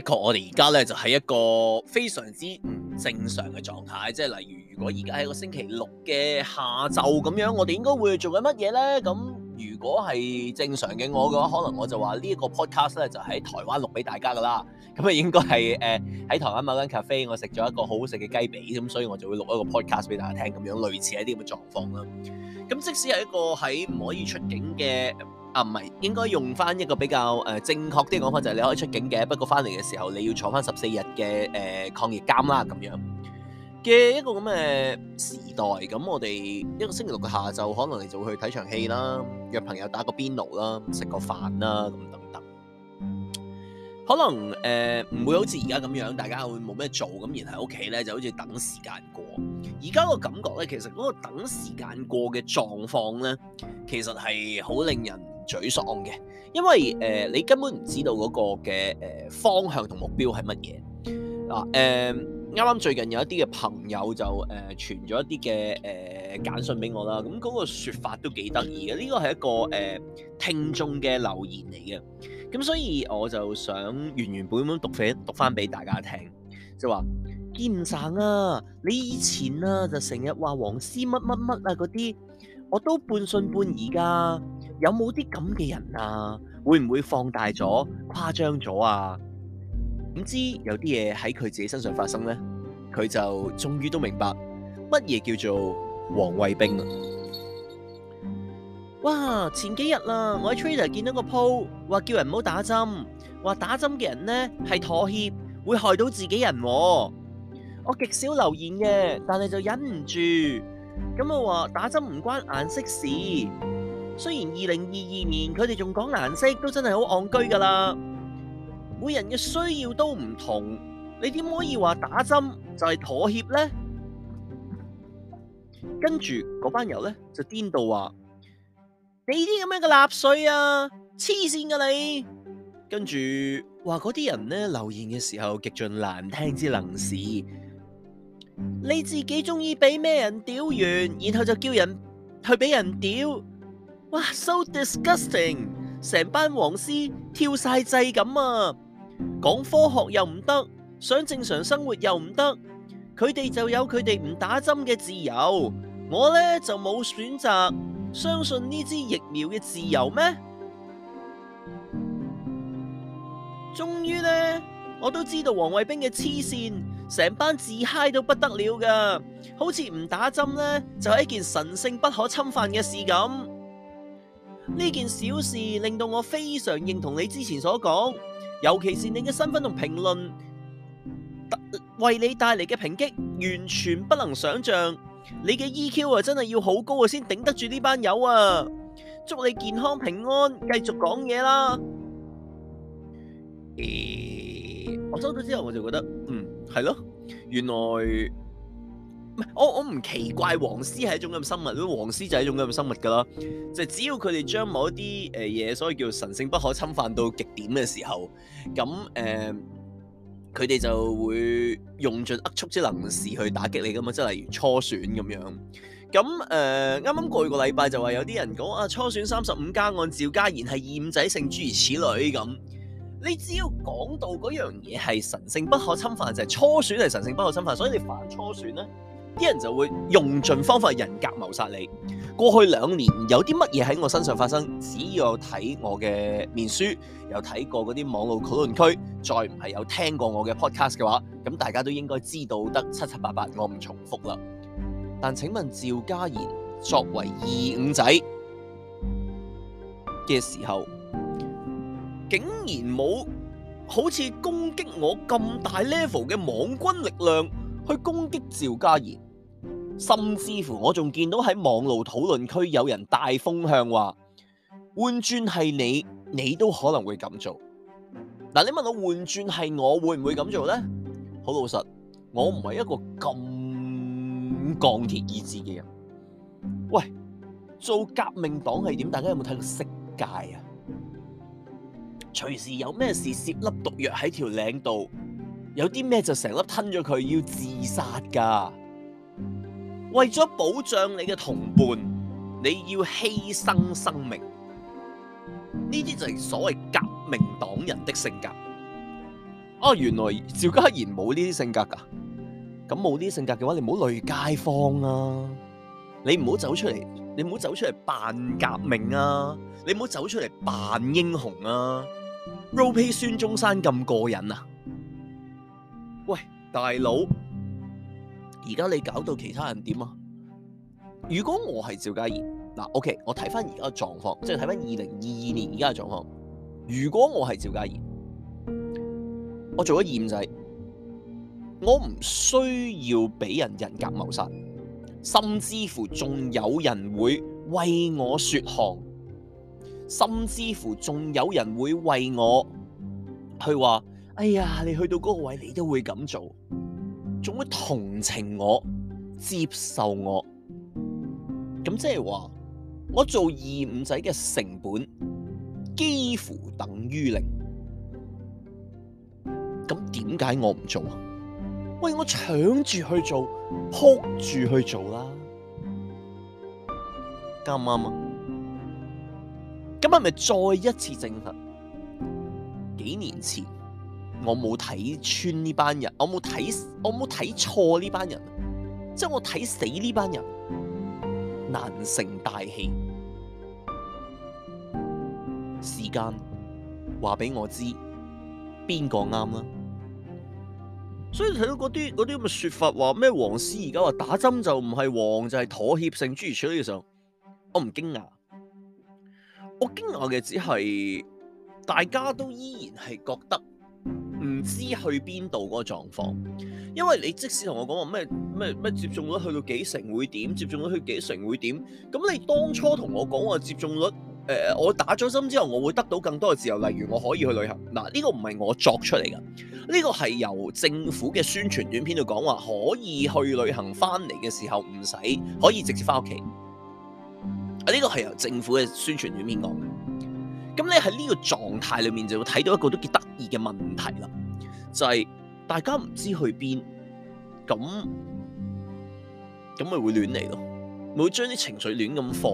的確我們現在，我哋而家咧就係、是、一個非常之唔正常嘅狀態，即係例如，如果而家喺個星期六嘅下晝咁樣，我哋應該會做緊乜嘢咧？咁如果係正常嘅我嘅話，可能我就話呢一個 podcast 咧就喺、是、台灣錄俾大家噶啦。咁啊，應該係誒喺台灣某間咖啡，我食咗一個好好食嘅雞髀，咁所以我就會錄一個 podcast 俾大家聽，咁樣類似一啲咁嘅狀況啦。咁即使係一個喺唔可以出境嘅。啊，唔係應該用翻一個比較誒、呃、正確啲講法，就係、是、你可以出境嘅，不過翻嚟嘅時候你要坐翻十四日嘅誒抗疫監啦，咁樣嘅一個咁嘅時代。咁我哋一個星期六嘅下晝，可能你就會去睇場戲啦，約朋友打個邊爐啦，食個飯啦，咁等等。可能誒唔、呃、會好似而家咁樣，大家會冇咩做，咁然喺屋企咧就好似等時間過。而家個感覺咧，其實嗰個等時間過嘅狀況咧，其實係好令人沮喪嘅，因為誒、呃、你根本唔知道嗰個嘅誒、呃、方向同目標係乜嘢啊？誒啱啱最近有一啲嘅朋友就誒傳咗一啲嘅誒簡訊俾我啦，咁、那、嗰個説法都幾得意嘅，呢、這個係一個誒、呃、聽眾嘅留言嚟嘅，咁所以我就想原原本本讀翻讀翻俾大家聽，就話堅生啊，你以前啊就成日話黃絲乜乜乜啊嗰啲，我都半信半疑㗎。有冇啲咁嘅人啊？會唔會放大咗、誇張咗啊？點知有啲嘢喺佢自己身上發生呢？佢就終於都明白乜嘢叫做黃衛兵啊！哇！前幾日啦、啊，我喺 Twitter 見到個 po，話叫人唔好打針，話打針嘅人呢係妥協，會害到自己人，啊。我極少留言嘅，但係就忍唔住。咁我話打針唔關顏色事。雖然二零二二年佢哋仲講顏色都真係好戇居噶啦。每人嘅需要都唔同，你點可以話打針就係、是、妥協咧？跟住嗰班友咧就顛到話，你啲咁樣嘅納粹啊，黐線噶你！跟住話嗰啲人咧留言嘅時候極盡難聽之能事，你自己中意俾咩人屌完，然後就叫人去俾人屌。哇，so disgusting！成班黃絲跳晒掣咁啊，講科學又唔得，想正常生活又唔得，佢哋就有佢哋唔打針嘅自由，我呢就冇選擇相信呢支疫苗嘅自由咩？終於呢，我都知道黃衛兵嘅黐線，成班自嗨到不得了噶，好似唔打針呢，就係、是、一件神聖不可侵犯嘅事咁。呢件小事令到我非常認同你之前所講，尤其是你嘅身份同評論，為你帶嚟嘅抨擊完全不能想象。你嘅 EQ 啊，真係要好高啊，先頂得住呢班友啊！祝你健康平安，繼續講嘢啦，嗯。我收到之後我就覺得，嗯，係咯，原來。我我唔奇怪，黃絲係一種咁嘅生物，黃絲就係一種咁嘅生物噶啦。就只要佢哋將某一啲誒嘢，所謂叫神聖不可侵犯到極點嘅時候，咁誒佢哋就會用盡壓縮之能事去打擊你噶嘛。即係例如初選咁樣。咁誒啱啱過去個禮拜就話有啲人講啊，初選三十五加案趙家賢係二五仔性諸如此類咁。那你只要講到嗰樣嘢係神聖不可侵犯，就係、是、初選係神聖不可侵犯，所以你反初選咧。啲人就會用盡方法人格謀殺你。過去兩年有啲乜嘢喺我身上發生？只要有睇我嘅面書，有睇過嗰啲網絡討論區，再唔係有聽過我嘅 podcast 嘅話，咁大家都應該知道得七七八八。我唔重複啦。但請問趙家賢作為二五仔嘅時候，竟然冇好似攻擊我咁大 level 嘅網軍力量去攻擊趙家賢？甚至乎，我仲見到喺網路討論區有人帶風向話，換轉係你，你都可能會咁做。嗱，你問我換轉係我會唔會咁做咧？好老實，我唔係一個咁鋼鐵意志嘅人。喂，做革命黨係點？大家有冇睇過色戒啊？隨時有咩事，攝粒毒藥喺條領度，有啲咩就成粒吞咗佢，要自殺噶。為咗保障你嘅同伴，你要犧牲生命，呢啲就係所謂革命黨人的性格。啊，原來趙家賢冇呢啲性格噶、啊，咁冇呢啲性格嘅話，你唔好累街坊啊，你唔好走出嚟，你唔好走出嚟扮革命啊，你唔好走出嚟扮英雄啊，r 羅批孫中山咁過癮啊！喂，大佬。而家你搞到其他人點啊？如果我係趙家賢嗱，OK，我睇翻而家嘅狀況，即係睇翻二零二二年而家嘅狀況。如果我係趙家賢，我做咗二五仔，我唔需要俾人人格謀殺，甚至乎仲有人會為我說項，甚至乎仲有人會為我去話，哎呀，你去到嗰個位，你都會咁做。仲會同情我，接受我。咁即係話，我做二五仔嘅成本幾乎等於零。咁點解我唔做啊？喂，我搶住去做，撲住去做啦，啱啱啊？咁係咪再一次證實，幾年前。我冇睇穿呢班人，我冇睇我冇睇錯呢班人，即係我睇死呢班人，難成大器。時間話俾我知邊個啱啦。所以睇到嗰啲嗰啲咁嘅說法，話咩黃絲而家話打針就唔係黃，就係妥協性。諸如此類嘅時候，我唔驚訝。我驚訝嘅只係大家都依然係覺得唔知去邊度嗰個狀況，因為你即使同我講話咩咩咩接種率去到幾成會點，接種率去幾成會點，咁你當初同我講話接種率，誒、呃、我打咗針之後，我會得到更多嘅自由，例如我可以去旅行。嗱呢、這個唔係我作出嚟噶，呢、這個係由政府嘅宣傳短片度講話可以去旅行，翻嚟嘅時候唔使可以直接翻屋企。呢、這個係由政府嘅宣傳短片講。咁你喺呢個狀態裏面就會睇到一個都幾得意嘅問題啦，就係大家唔知去邊，咁咁咪會亂嚟咯，咪會將啲情緒亂咁放。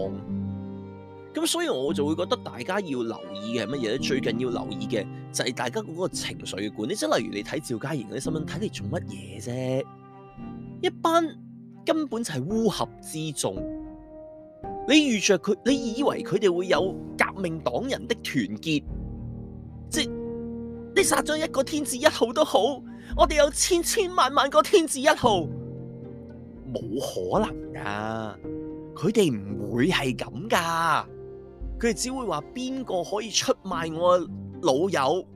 咁所以我就會覺得大家要留意嘅係乜嘢咧？最近要留意嘅就係大家嗰個情緒嘅管理，即係例如你睇趙家賢嗰啲新聞，睇你做乜嘢啫？一班根本就係烏合之眾，你預着佢，你以為佢哋會有革命黨人的團結，即你殺咗一個天字一號都好，我哋有千千萬萬個天字一號，冇可能噶。佢哋唔會係咁噶，佢哋只會話邊個可以出賣我嘅老友，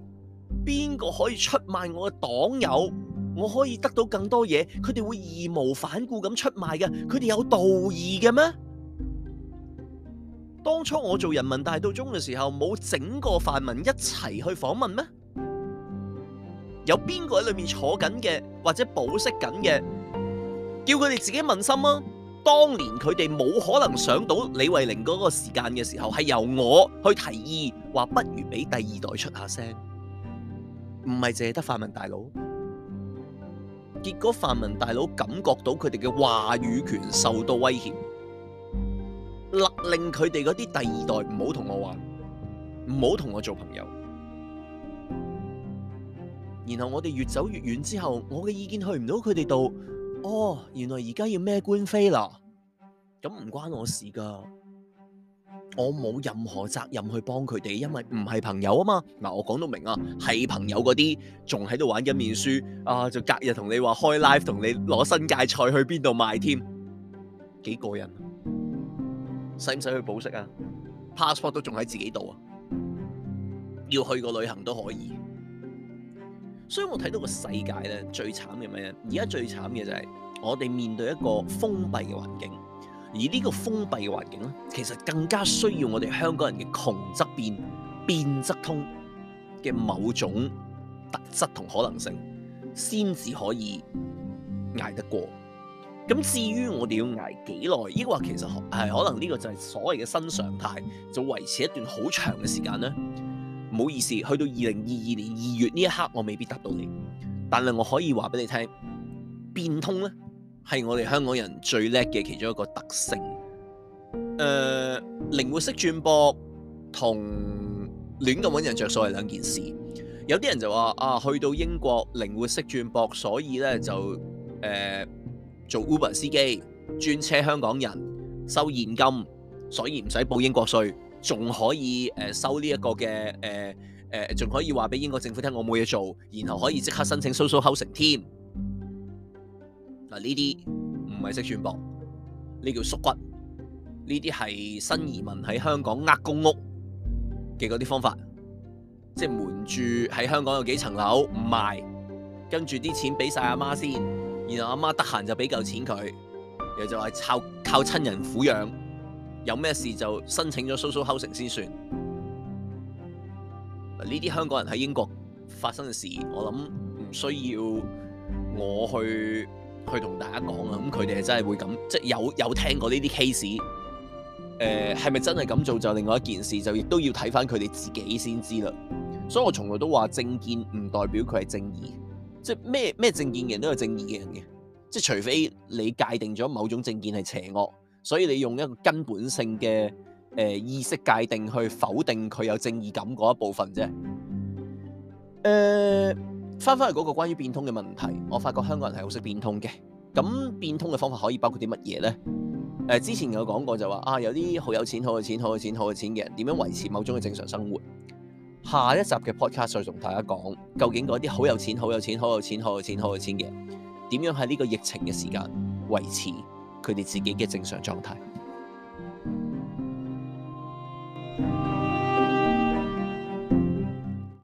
邊個可以出賣我嘅黨友，我可以得到更多嘢，佢哋會義無反顧咁出賣嘅，佢哋有道義嘅咩？當初我做人民大道中嘅時候，冇整個泛民一齊去訪問咩？有邊個喺裏面坐緊嘅，或者保釋緊嘅，叫佢哋自己問心咯啊。當年佢哋冇可能想到李慧玲嗰個時間嘅時候，係由我去提議，話不如俾第二代出下聲，唔係淨係得泛民大佬。結果泛民大佬感覺到佢哋嘅話語權受到威脅。勒令佢哋嗰啲第二代唔好同我玩，唔好同我做朋友。然後我哋越走越遠之後，我嘅意見去唔到佢哋度。哦，原來而家要咩官非啦？咁唔關我事噶，我冇任何責任去幫佢哋，因為唔係朋友啊嘛。嗱，我講到明啊，係朋友嗰啲仲喺度玩緊面書啊，就隔日同你話開 live，同你攞新界菜去邊度賣添，幾個人，啊？使唔使去保釋啊？passport 都仲喺自己度啊，要去個旅行都可以。所以我睇到個世界咧，最慘嘅咩嘢？而家最慘嘅就係我哋面對一個封閉嘅環境，而呢個封閉嘅環境咧，其實更加需要我哋香港人嘅窮則變，變則通嘅某種特質同可能性，先至可以捱得過。咁至於我哋要捱幾耐，呢個話其實係可能呢個就係所謂嘅新常態，就維持一段好長嘅時間咧。唔好意思，去到二零二二年二月呢一刻，我未必得到你，但係我可以話俾你聽，變通咧係我哋香港人最叻嘅其中一個特性。誒、呃，靈活式轉博同亂咁搵人着數係兩件事。有啲人就話啊，去到英國靈活式轉博，所以咧就誒。呃做 Uber 司機，專車香港人收現金，所以唔使報英國稅，仲可以誒、呃、收呢一個嘅誒誒，仲、呃呃、可以話俾英國政府聽我冇嘢做，然後可以即刻申請 social housing 添。嗱，呢啲唔係識算噃，呢叫縮骨。呢啲係新移民喺香港呃公屋嘅嗰啲方法，即係瞞住喺香港有幾層樓唔賣，跟住啲錢俾晒阿媽先。然後阿媽得閒就俾夠錢佢，又就話靠靠親人撫養，有咩事就申請咗 social housing 先算。呢啲香港人喺英國發生嘅事，我諗唔需要我去去同大家講啊。咁佢哋係真係會咁，即係有有聽過呢啲 case。誒係咪真係咁做就另外一件事，就亦都要睇翻佢哋自己先知啦。所以我從來都話政見唔代表佢係正義。即係咩咩政見嘅人都有正義嘅人嘅，即係除非你界定咗某種政見係邪惡，所以你用一個根本性嘅誒、呃、意識界定去否定佢有正義感嗰一部分啫。誒、呃，翻返去嗰個關於變通嘅問題，我發覺香港人係好識變通嘅。咁變通嘅方法可以包括啲乜嘢咧？誒、呃，之前有講過就話啊，有啲好有錢、好有錢、好有錢、好有錢嘅人點樣維持某種嘅正常生活？下一集嘅 podcast 再同大家講究竟嗰啲好有錢好有錢好有錢好有錢好有錢嘅人，點樣喺呢個疫情嘅時間維持佢哋自己嘅正常狀態。